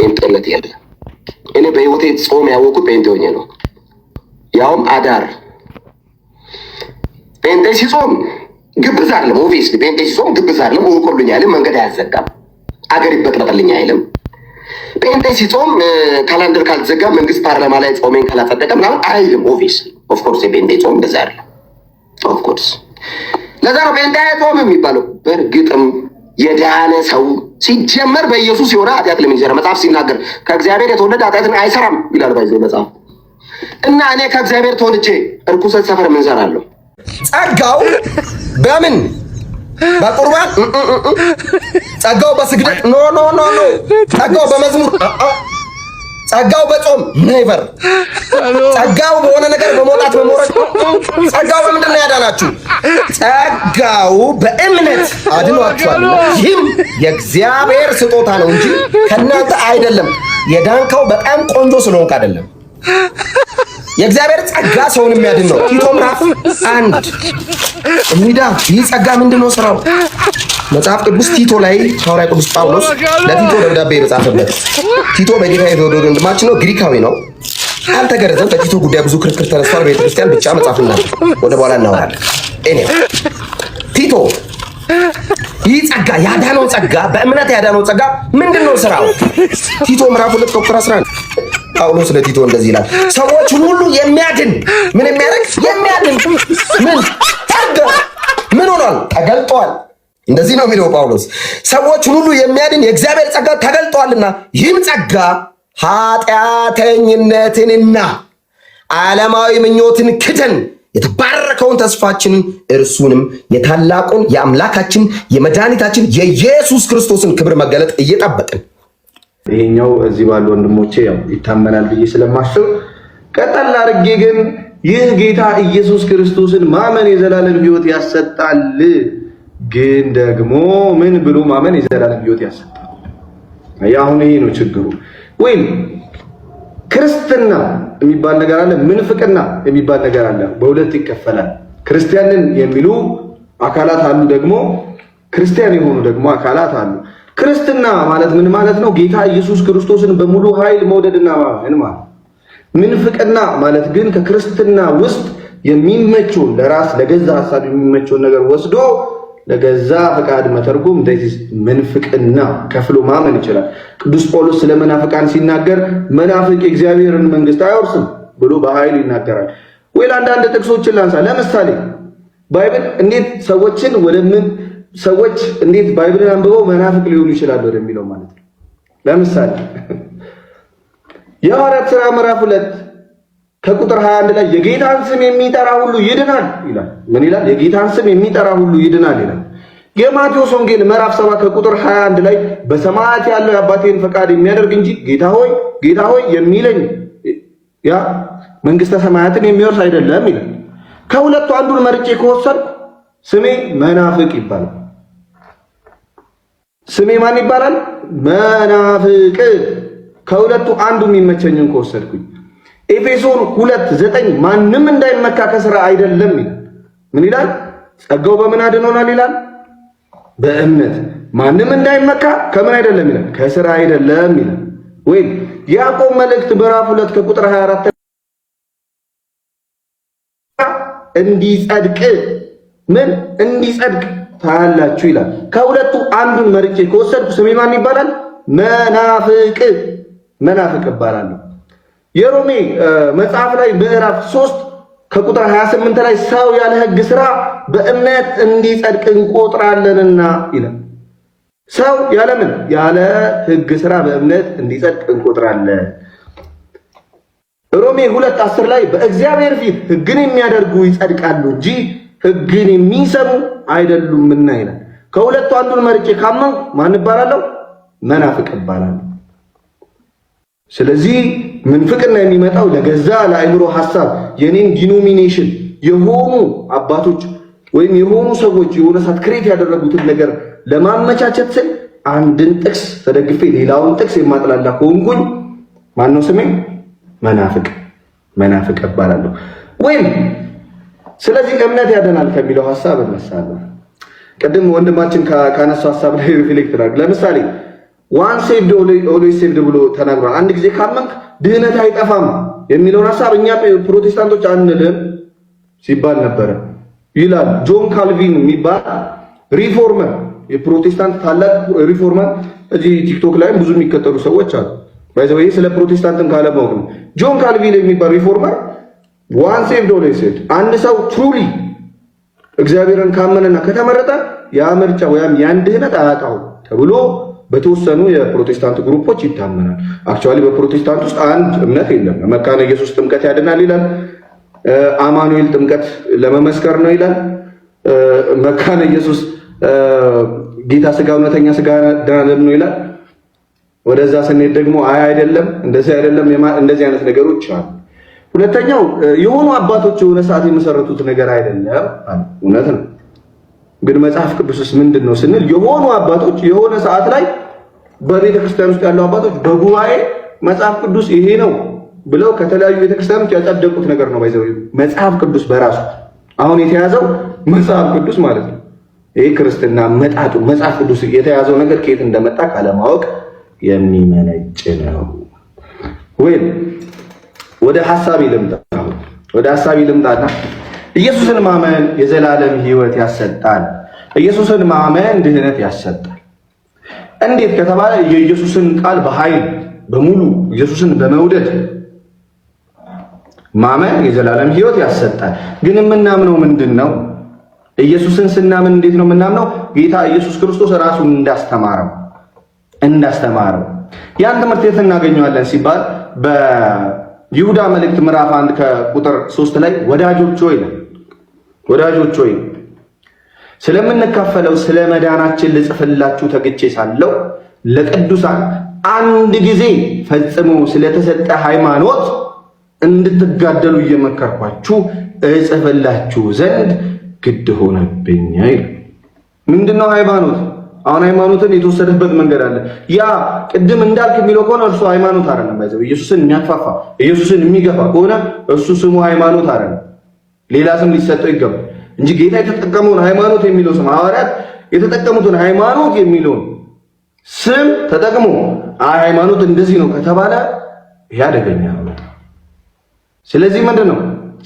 ጴንጤነት የለም። እኔ በህይወቴ ጾም ያወቅሁት ጴንጤ ሆኜ ነው፣ ያውም አዳር። ጴንጤ ሲጾም ግብዝ አይደለም። ኦፊስ ጴንጤ ሲጾም ግብዝ አይደለም። እውቁልኝ አይልም፣ መንገድ አያዘጋም፣ አገር ይበጥበጥልኝ አይልም። ጴንጤ ሲጾም ካላንደር ካልተዘጋ መንግስት ፓርላማ ላይ ጾሜን ካላጸደቀ ምናምን አይልም። ኦፊስ ኦፍኮርስ የጴንጤ ጾም እንደዛ አይደለም። ኦፍኮርስ ለዛ ነው ጴንጤ አይጾም የሚባለው በእርግጥም የዳነ ሰው ሲጀመር በኢየሱስ የሆነ ኃጢአት ለሚሰራ መጽሐፍ ሲናገር ከእግዚአብሔር የተወለደ ኃጢአትን አይሰራም ይላል ባይዘ መጽሐፍ እና እኔ ከእግዚአብሔር ተወልጄ እርኩሰት ሰፈር ምን ሰራለሁ? ጸጋው በምን በቁርባን ጸጋው በስግደት ኖ ኖ ኖ ኖ ጸጋው በመዝሙር ጸጋው በጾም ነይበር ጸጋው በሆነ ነገር በመውጣት በመውረድ ጸጋው በምንድን ነው ያዳናችሁ? ጸጋው በእምነት አድኗችኋል። ይህም የእግዚአብሔር ስጦታ ነው እንጂ ከእናንተ አይደለም። የዳንካው በጣም ቆንጆ ስለሆንክ አይደለም። የእግዚአብሔር ጸጋ ሰውን የሚያድን ነው። ቲቶ ምዕራፍ አንድ እንዲዳ ይህ ጸጋ ምንድን ነው ስራው? መጽሐፍ ቅዱስ ቲቶ ላይ ሐዋርያ ቅዱስ ጳውሎስ ለቲቶ ደብዳቤ የጻፈበት ቲቶ በጌታ የተወደደ ወንድማችን ነው። ግሪካዊ ነው። አልተገረዘም። በቲቶ ጉዳይ ብዙ ክርክር ተነስቷል። ቤተክርስቲያን ብቻ መጽሐፍ እና ወደ በኋላ እናወራለን። እኔ ቲቶ ይህ ጸጋ ያዳነው ጸጋ በእምነት ያዳነው ጸጋ ምንድነው ስራው? ቲቶ ምዕራፍ 2 ቁጥር 11 ጳውሎስ ለቲቶ እንደዚህ ይላል፣ ሰዎች ሁሉ የሚያድን ምን የሚያደርግ የሚያድን ምን ጸጋ ምን ሆኗል? ተገልጧል እንደዚህ ነው የሚለው ጳውሎስ፣ ሰዎችን ሁሉ የሚያድን የእግዚአብሔር ጸጋ ተገልጧልና ይህም ጸጋ ኃጢአተኝነትንና ዓለማዊ ምኞትን ክደን የተባረከውን ተስፋችንን እርሱንም የታላቁን የአምላካችን የመድኃኒታችን የኢየሱስ ክርስቶስን ክብር መገለጥ እየጠበቅን ይሄኛው እዚህ ባሉ ወንድሞቼ ያው ይታመናል ብዬ ስለማስብ ቀጠል አድርጌ ግን ይህ ጌታ ኢየሱስ ክርስቶስን ማመን የዘላለም ሕይወት ያሰጣል ግን ደግሞ ምን ብሎ ማመን የዘላለም ህይወት ያሰጣል። አሁን ይሄ ነው ችግሩ። ወይም ክርስትና የሚባል ነገር አለ፣ ምንፍቅና የሚባል ነገር አለ። በሁለት ይከፈላል። ክርስቲያንን የሚሉ አካላት አሉ፣ ደግሞ ክርስቲያን የሆኑ ደግሞ አካላት አሉ። ክርስትና ማለት ምን ማለት ነው? ጌታ ኢየሱስ ክርስቶስን በሙሉ ኃይል መውደድና ማመን ማለት። ምንፍቅና ማለት ግን ከክርስትና ውስጥ የሚመቸውን ለራስ ለገዛ ሀሳብ የሚመቸውን ነገር ወስዶ ለገዛ ፈቃድ መተርጎም ምንፍቅና ከፍሎ ማመን ይችላል። ቅዱስ ጳውሎስ ስለ መናፍቃን ሲናገር መናፍቅ የእግዚአብሔርን መንግስት አይወርስም ብሎ በኃይል ይናገራል። ወይ አንዳንድ ጥቅሶችን ላንሳ። ለምሳሌ ባይብል እንዴት ሰዎችን ወደምን ሰዎች እንዴት ባይብልን አንብበው መናፍቅ ሊሆኑ ይችላሉ ወደሚለው ማለት ነው። ለምሳሌ የሐዋርያት ሥራ ምዕራፍ ሁለት ከቁጥር 21 ላይ የጌታን ስም የሚጠራ ሁሉ ይድናል ይላል። ምን ይላል? የጌታን ስም የሚጠራ ሁሉ ይድናል ይላል። የማቴዎስ ወንጌል ምዕራፍ 7 ከቁጥር 21 ላይ በሰማያት ያለው የአባቴን ፈቃድ የሚያደርግ እንጂ ጌታ ሆይ ጌታ ሆይ የሚለኝ ያ መንግስተ ሰማያትን የሚወርስ አይደለም ይላል። ከሁለቱ አንዱን መርጬ ከወሰድኩ ስሜ መናፍቅ ይባላል። ስሜ ማን ይባላል? መናፍቅ። ከሁለቱ አንዱ የሚመቸኝን ከወሰድኩኝ ኤፌሶን ሁለት ዘጠኝ ማንም እንዳይመካ ከስራ አይደለም ይላል። ምን ይላል? ጸጋው በምን አድኖናል ይላል? በእምነት ማንም እንዳይመካ ከምን አይደለም ይላል? ከስራ አይደለም ይላል። ወይም ያዕቆብ መልእክት ምዕራፍ ሁለት ከቁጥር 24 እንዲጸድቅ ምን እንዲጸድቅ ታያላችሁ ይላል። ከሁለቱ አንዱን መርጬ ከወሰድኩ ስሜ ማን ይባላል? መናፍቅ መናፍቅ እባላለሁ። የሮሜ መጽሐፍ ላይ ምዕራፍ ሶስት ከቁጥር 28 ላይ ሰው ያለ ሕግ ስራ በእምነት እንዲጸድቅ እንቆጥራለንና ይላል። ሰው ያለ ምን ያለ ሕግ ስራ በእምነት እንዲጸድቅ እንቆጥራለን። ሮሜ 2 10 ላይ በእግዚአብሔር ፊት ሕግን የሚያደርጉ ይጸድቃሉ እንጂ ሕግን የሚሰሙ አይደሉምና ይላል። ከሁለቱ አንዱን መርጬ ካመንኩ ማን እባላለሁ? መናፍቅ እባላለሁ። ስለዚህ ምንፍቅና የሚመጣው ለገዛ ለአይምሮ ሐሳብ የኔን ዲኖሚኔሽን የሆኑ አባቶች ወይም የሆኑ ሰዎች የሆነ ሰዓት ክሬት ያደረጉትን ነገር ለማመቻቸት ስል አንድን ጥቅስ ተደግፌ ሌላውን ጥቅስ የማጥላላ ከሆንኩኝ ማነው ስሜ? መናፍቅ መናፍቅ እባላለሁ። ወይም ስለዚህ እምነት ያደናል ከሚለው ሐሳብ እነሳለሁ። ቅድም ወንድማችን ካነሳው ሐሳብ ላይ ሪፍሌክት ለምሳሌ ዋን ሴቭድ ኦልዌይስ ሴቭድ ብሎ ተናግሯል። አንድ ጊዜ ካመንክ ድህነት አይጠፋም የሚለውን ሀሳብ እኛ ፕሮቴስታንቶች አንልም ሲባል ነበረ ይላል ጆን ካልቪን የሚባል ሪፎርመር፣ የፕሮቴስታንት ታላቅ ሪፎርመር። እዚህ ቲክቶክ ላይም ብዙ የሚከተሉ ሰዎች አሉ። ባይዘው ይሄ ስለ ፕሮቴስታንትም ካለማወቅ ነው። ጆን ካልቪን የሚባል ሪፎርመር ዋን ሴቭድ ኦልዌይስ ሴቭድ፣ አንድ ሰው ትሩሊ እግዚአብሔርን ካመነና ከተመረጠ ያ ምርጫ ወይም ያን ድህነት አያጣው ተብሎ በተወሰኑ የፕሮቴስታንት ግሩፖች ይታመናል። አክቹዋሊ በፕሮቴስታንት ውስጥ አንድ እምነት የለም። መካነ ኢየሱስ ጥምቀት ያድናል ይላል። አማኑኤል ጥምቀት ለመመስከር ነው ይላል። መካነ ኢየሱስ ጌታ ስጋ እውነተኛ ስጋ ደም ነው ይላል። ወደዛ ስንሄድ ደግሞ አይ አይደለም፣ እንደዚህ አይደለም፣ እንደዚህ አይነት ነገሮች አሉ። ሁለተኛው የሆኑ አባቶች የሆነ ሰዓት የመሰረቱት ነገር አይደለም፣ እውነት ነው። ግን መጽሐፍ ቅዱስስ ምንድን ነው ስንል የሆኑ አባቶች የሆነ ሰዓት ላይ በቤተ ክርስቲያን ውስጥ ያሉ አባቶች በጉባኤ መጽሐፍ ቅዱስ ይሄ ነው ብለው ከተለያዩ ቤተክርስቲያኖች ያጸደቁት ነገር ነው። ባይዘው መጽሐፍ ቅዱስ በራሱ አሁን የተያዘው መጽሐፍ ቅዱስ ማለት ነው። ይሄ ክርስትና መጣጡ መጽሐፍ ቅዱስ የተያዘው ነገር ከየት እንደመጣ ካለማወቅ የሚመነጭ ነው። ወይም ወደ ሐሳቢ ልምጣ ወደ ሐሳቢ ልምጣና ኢየሱስን ማመን የዘላለም ህይወት ያሰጣል። ኢየሱስን ማመን ድህነት ያሰጣል። እንዴት ከተባለ የኢየሱስን ቃል በኃይል በሙሉ ኢየሱስን በመውደድ ማመን የዘላለም ህይወት ያሰጣል። ግን የምናምነው ምንድን ነው? ኢየሱስን ስናምን እንዴት ነው የምናምነው? ጌታ ኢየሱስ ክርስቶስ ራሱን እንዳስተማረው እንዳስተማረው ያን ትምህርት የት እናገኘዋለን ሲባል በይሁዳ መልእክት ምዕራፍ አንድ ከቁጥር ሶስት ላይ ወዳጆች ሆይ ነው ወዳጆች ሆይ ስለምንካፈለው ስለ መዳናችን ልጽፍላችሁ ተግቼ ሳለው ለቅዱሳን አንድ ጊዜ ፈጽሞ ስለተሰጠ ሃይማኖት እንድትጋደሉ እየመከርኳችሁ እጽፍላችሁ ዘንድ ግድ ሆነብኝ አይል ምንድነው ሃይማኖት አሁን ሃይማኖትን የተወሰደበት መንገድ አለ። ያ ቅድም እንዳልክ የሚለው ከሆነ እርሱ ሃይማኖት አይደለም። ኢየሱስን የሚያፋፋ ኢየሱስን የሚገፋ ከሆነ እሱ ስሙ ሃይማኖት አይደለም። ሌላ ስም ሊሰጠው ይገባል እንጂ ጌታ የተጠቀመውን ሃይማኖት የሚለው ስም ሐዋርያት የተጠቀሙትን ሃይማኖት የሚለውን ስም ተጠቅሞ ሃይማኖት እንደዚህ ነው ከተባለ ያደገኛ። ስለዚህ ምንድን ነው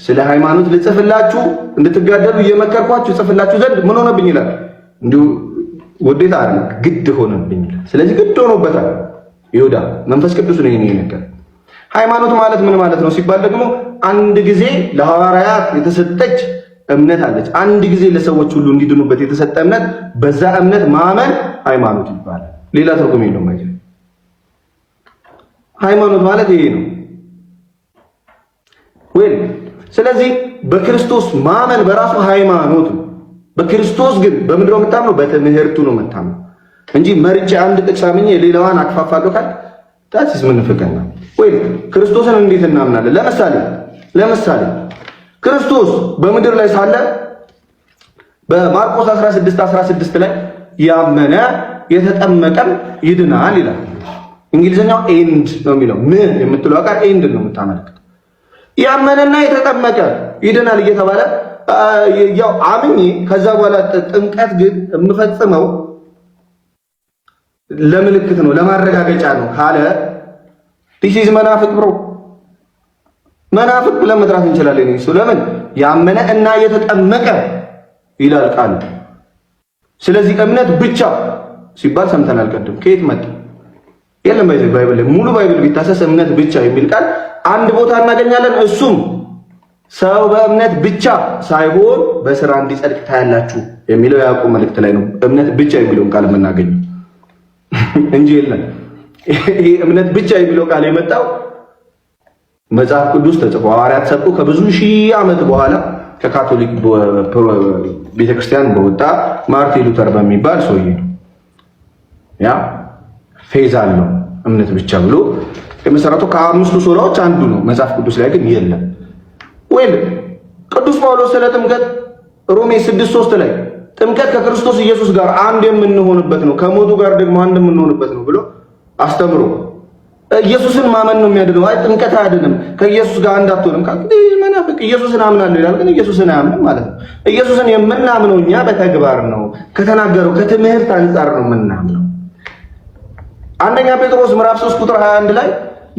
ስለ ሃይማኖት ልጽፍላችሁ እንድትጋደሉ እየመከርኳችሁ ጽፍላችሁ ዘንድ ምን ሆነብኝ ይላል። እንዲሁ ውዴታ ግድ ሆነብኝ ይላል። ስለዚህ ግድ ሆኖበታል። ይሁዳ መንፈስ ቅዱስ ነው ይሄን ሃይማኖት ማለት ምን ማለት ነው ሲባል ደግሞ አንድ ጊዜ ለሐዋርያት የተሰጠች እምነት አለች። አንድ ጊዜ ለሰዎች ሁሉ እንዲድኑበት የተሰጠ እምነት፣ በዛ እምነት ማመን ሃይማኖት ይባላል። ሌላ ትርጉም የለውም። አይደል? ሃይማኖት ማለት ይሄ ነው ወይ? ስለዚህ በክርስቶስ ማመን በራሱ ሃይማኖት ነው። በክርስቶስ ግን በምንድን ነው የምታምነው? በትምህርቱ ነው የምታምነው እንጂ መርጬ አንድ ጥቅስ አምኜ ሌላዋን አክፋፋለሁ ካልክ ታሲስ ምን ፍቅር ነው? ወይ ክርስቶስን እንዴት እናምናለን? ለምሳሌ ለምሳሌ ክርስቶስ በምድር ላይ ሳለ በማርቆስ 16 16 ላይ ያመነ የተጠመቀም ይድናል ይላል። እንግሊዝኛው ኤንድ ነው የሚለው ምን የምትለው ቃል ኤንድ ነው የምታመለክተው ያመነና የተጠመቀ ይድናል እየተባለ ያው አምኜ ከዛ በኋላ ጥምቀት ግን የምፈጽመው ለምልክት ነው ለማረጋገጫ ነው ካለ ዲስ መናፍቅ ብሮ መናፍቅ ብለን መጥራት እንችላለን። እሱ ለምን ያመነ እና የተጠመቀ ይላል ቃል። ስለዚህ እምነት ብቻ ሲባል ሰምተናል። ቀደም ከየት መጣ? የለም ባይብል ባይብል ሙሉ ባይብል ቢታሰስ እምነት ብቻ የሚል ቃል አንድ ቦታ እናገኛለን። እሱም ሰው በእምነት ብቻ ሳይሆን በስራ እንዲጸድቅ ታያላችሁ የሚለው የያዕቆብ መልእክት ላይ ነው። እምነት ብቻ የሚለውን ቃል የምናገኘው እንጂ የለም ይሄ እምነት ብቻ የሚለው ቃል የመጣው መጽሐፍ ቅዱስ ተጽፎ ሐዋርያት ሰጡ ከብዙ ሺህ ዓመት በኋላ ከካቶሊክ ቤተክርስቲያን በወጣ ማርቲን ሉተር በሚባል ሰውዬ ነው። ያ ፌዝ አለው እምነት ብቻ ብሎ የመሰረተው ከአምስቱ ሶላዎች አንዱ ነው። መጽሐፍ ቅዱስ ላይ ግን የለም። ወይም ቅዱስ ጳውሎስ ስለ ጥምቀት ሮሜ 6:3 ላይ ጥምቀት ከክርስቶስ ኢየሱስ ጋር አንድ የምንሆንበት ነው፣ ከሞቱ ጋር ደግሞ አንድ የምንሆንበት ነው ብሎ አስተምሮ ኢየሱስን ማመን ነው የሚያድነው። አይ ጥምቀት አያድንም፣ ከኢየሱስ ጋር አንድ አትሆንም ካል መናፍቅ ኢየሱስን አምናለሁ ይላል፣ ግን ኢየሱስን አያምንም ማለት ነው። ኢየሱስን የምናምነው እኛ በተግባር ነው፣ ከተናገረው ከትምህርት አንጻር ነው የምናምነው። አንደኛ ጴጥሮስ ምዕራፍ 3 ቁጥር 21 ላይ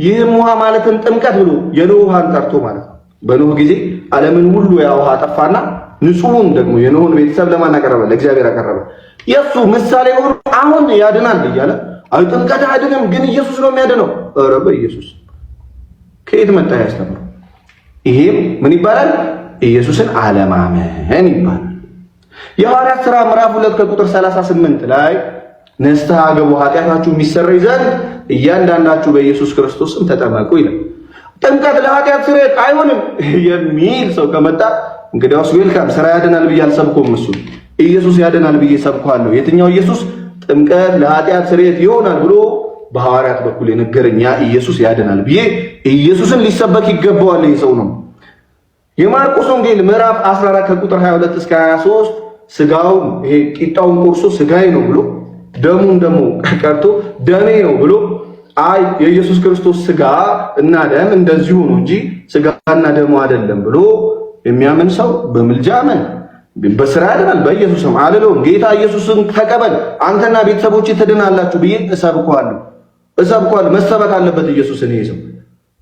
ይህም ውሃ ማለትም ጥምቀት ብሎ የኖህ ውሃን ጠርቶ ማለት ነው። በኖህ ጊዜ ዓለምን ሁሉ ያ ውሃ ጠፋና ደግሞ የኖህን ቤተሰብ ለማን አቀረበ? ለእግዚአብሔር አቀረበ። የእሱ ምሳሌ አሁን ያድናል እያለ አይ ጥምቀት አያድንም፣ ግን ኢየሱስ ነው የሚያድነው። ኧረ በኢየሱስ ከየት መጣ ያስተምሩ። ይሄም ምን ይባላል? ኢየሱስን አለማመን ይባላል። የሐዋርያት ሥራ ምዕራፍ 2 ከቁጥር 38 ላይ ነስተ አገቡ ኃጢአታችሁ የሚሰረይ ዘንድ እያንዳንዳችሁ በኢየሱስ ክርስቶስም ተጠመቁ ይላል። ጥምቀት ለኃጢአት ስርየት አይሆንም የሚል ሰው ከመጣ እንግዲያውስ ዌልካም። ስራ ያድናል ብዬ አልሰብኩም። እሱ ኢየሱስ ያድናል ብዬ ሰብኳለሁ። የትኛው ኢየሱስ? ጥምቀት ለኃጢአት ስርየት ይሆናል ብሎ በሐዋርያት በኩል የነገረኛ ኢየሱስ ያድናል ብዬ ኢየሱስን ሊሰበክ ይገባዋል። ይህ ሰው ነው። የማርቆስ ወንጌል ምዕራፍ 14 ከቁጥር 22 እስከ 23 ስጋውን ይሄ ቂጣውን ቆርሶ ስጋዬ ነው ብሎ ደሙን ደግሞ ቀርቶ ደሜ ነው ብሎ አይ የኢየሱስ ክርስቶስ ስጋ እና ደም እንደዚሁ ነው እንጂ ስጋና ደሙ አይደለም ብሎ የሚያምን ሰው በምልጃ አመን በስራ አይደለም በኢየሱስ ስም አልለውም። ጌታ ኢየሱስን ተቀበል አንተና ቤተሰቦች ትድናላችሁ ብዬ እሰብኳለሁ። እሰብኳለሁ መሰበክ አለበት ኢየሱስን። ይሄ ሰው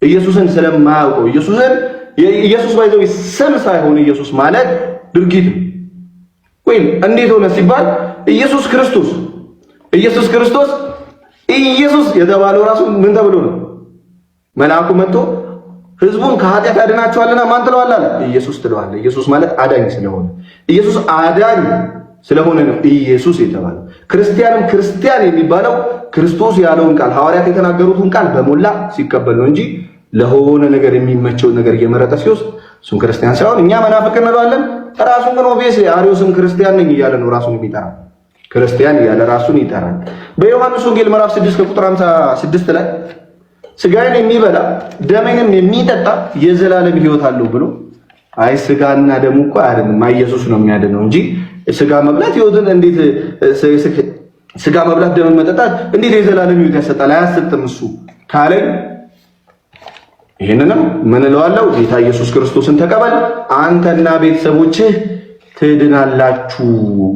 ኢየሱስን ስለማያውቀው ኢየሱስን ኢየሱስ ባይዘው ስም ሳይሆን ኢየሱስ ማለት ድርጊት ወይም እንዴት ሆነ ሲባል ኢየሱስ ክርስቶስ ኢየሱስ ክርስቶስ ኢየሱስ የተባለው ራሱ ምን ተብሎ ነው መልአኩ መጥቶ ህዝቡን ከኃጢአት ያድናቸዋልና ማን ትለዋል አለ ኢየሱስ ትለዋል። ኢየሱስ ማለት አዳኝ ስለሆነ ኢየሱስ አዳኝ ስለሆነ ነው ኢየሱስ የተባለው። ክርስቲያንም ክርስቲያን የሚባለው ክርስቶስ ያለውን ቃል ሐዋርያት የተናገሩትን ቃል በሞላ ሲቀበል ነው እንጂ ለሆነ ነገር የሚመቸውን ነገር እየመረጠ ሲወስድ እሱን ክርስቲያን ሳይሆን እኛ መናፍቅ እንለዋለን። ራሱን ግን ኦብቪየስሊ አሪዮስም ክርስቲያን ነኝ እያለ ነው ራሱን የሚጠራ ክርስቲያን እያለ ራሱን ይጠራል። በዮሐንስ ወንጌል ምዕራፍ 6 ከቁጥር 56 ላይ ስጋዬን የሚበላ ደሜንም የሚጠጣ የዘላለም ህይወት አለው ብሎ አይ ስጋና ደሙ እኮ አይደለም ኢየሱስ ነው የሚያድነው እንጂ ስጋ መብላት ሕይወትን እንዴት ስጋ መብላት ደም መጠጣት እንዴት የዘላለም ህይወት ያሰጣል? አያሰጥም እሱ ካለኝ ይህንንም ምን እለዋለሁ? ጌታ ኢየሱስ ክርስቶስን ተቀበል አንተና ቤተሰቦችህ ትድናላችሁ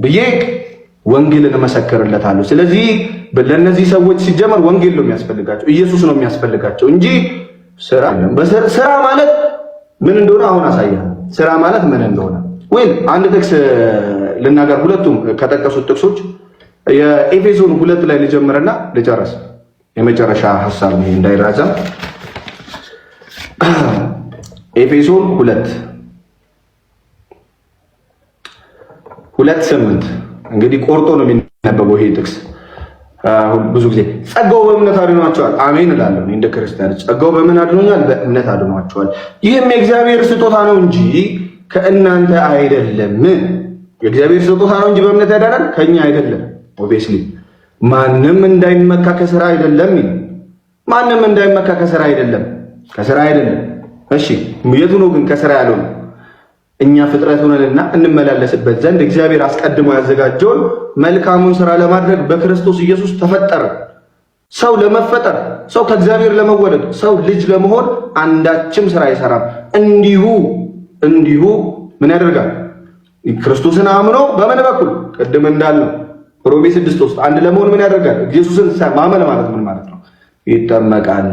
ብዬ ወንጌልን እመሰክርለታለሁ። ስለዚህ ለእነዚህ ሰዎች ሲጀመር ወንጌል ነው የሚያስፈልጋቸው፣ ኢየሱስ ነው የሚያስፈልጋቸው እንጂ ስራ ስራ ማለት ምን እንደሆነ አሁን አሳያ። ስራ ማለት ምን እንደሆነ ወይ አንድ ጥቅስ ልናገር፣ ሁለቱም ከጠቀሱት ጥቅሶች የኤፌሶን ሁለት ላይ ልጀምርና ልጨርስ። የመጨረሻ ሐሳብ ነው እንዳይራዘም። ኤፌሶን ሁለት ሁለት ስምንት እንግዲህ ቆርጦ ነው የሚነበበው ይሄ ጥቅስ። ብዙ ጊዜ ጸጋው በእምነት አድኗቸዋል፣ አሜን እላለሁ እንደ ክርስቲያን። ጸጋው በምን አድኖኛል? በእምነት አድኗቸዋል። ይህም የእግዚአብሔር ስጦታ ነው እንጂ ከእናንተ አይደለም። የእግዚአብሔር ስጦታ ነው እንጂ በእምነት ያዳናል ከኛ አይደለም። ኦብቪስሊ ማንም እንዳይመካ ከስራ አይደለም። ማንም እንዳይመካ ከስራ አይደለም፣ ከስራ አይደለም። እሺ የቱ ነው ግን ከስራ ያለው እኛ ፍጥረት ሆነንና እንመላለስበት ዘንድ እግዚአብሔር አስቀድሞ ያዘጋጀውን መልካሙን ስራ ለማድረግ በክርስቶስ ኢየሱስ ተፈጠረ። ሰው ለመፈጠር ሰው ከእግዚአብሔር ለመወለድ ሰው ልጅ ለመሆን አንዳችም ስራ አይሰራም። እንዲሁ እንዲሁ ምን ያደርጋል? ክርስቶስን አምኖ በምን በኩል ቅድም እንዳልነው ሮሜ ስድስት ውስጥ አንድ ለመሆን ምን ያደርጋል? ኢየሱስን ማመን ማለት ምን ማለት ነው? ይጠመቃል።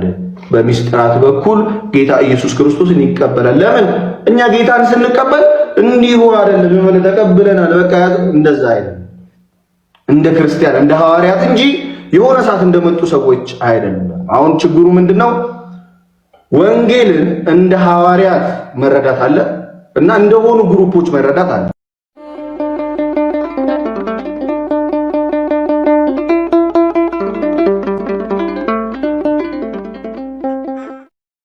በሚስጥራት በኩል ጌታ ኢየሱስ ክርስቶስን ይቀበላል። ለምን እኛ ጌታን ስንቀበል እንዲሁ አይደለም የሆነ ተቀብለናል በቃ እንደዛ አይደለም። እንደ ክርስቲያን እንደ ሐዋርያት እንጂ የሆነ ሰዓት እንደመጡ ሰዎች አይደለም። አሁን ችግሩ ምንድነው? ወንጌልን እንደ ሐዋርያት መረዳት አለ እና እንደሆኑ ግሩፖች መረዳት አለ።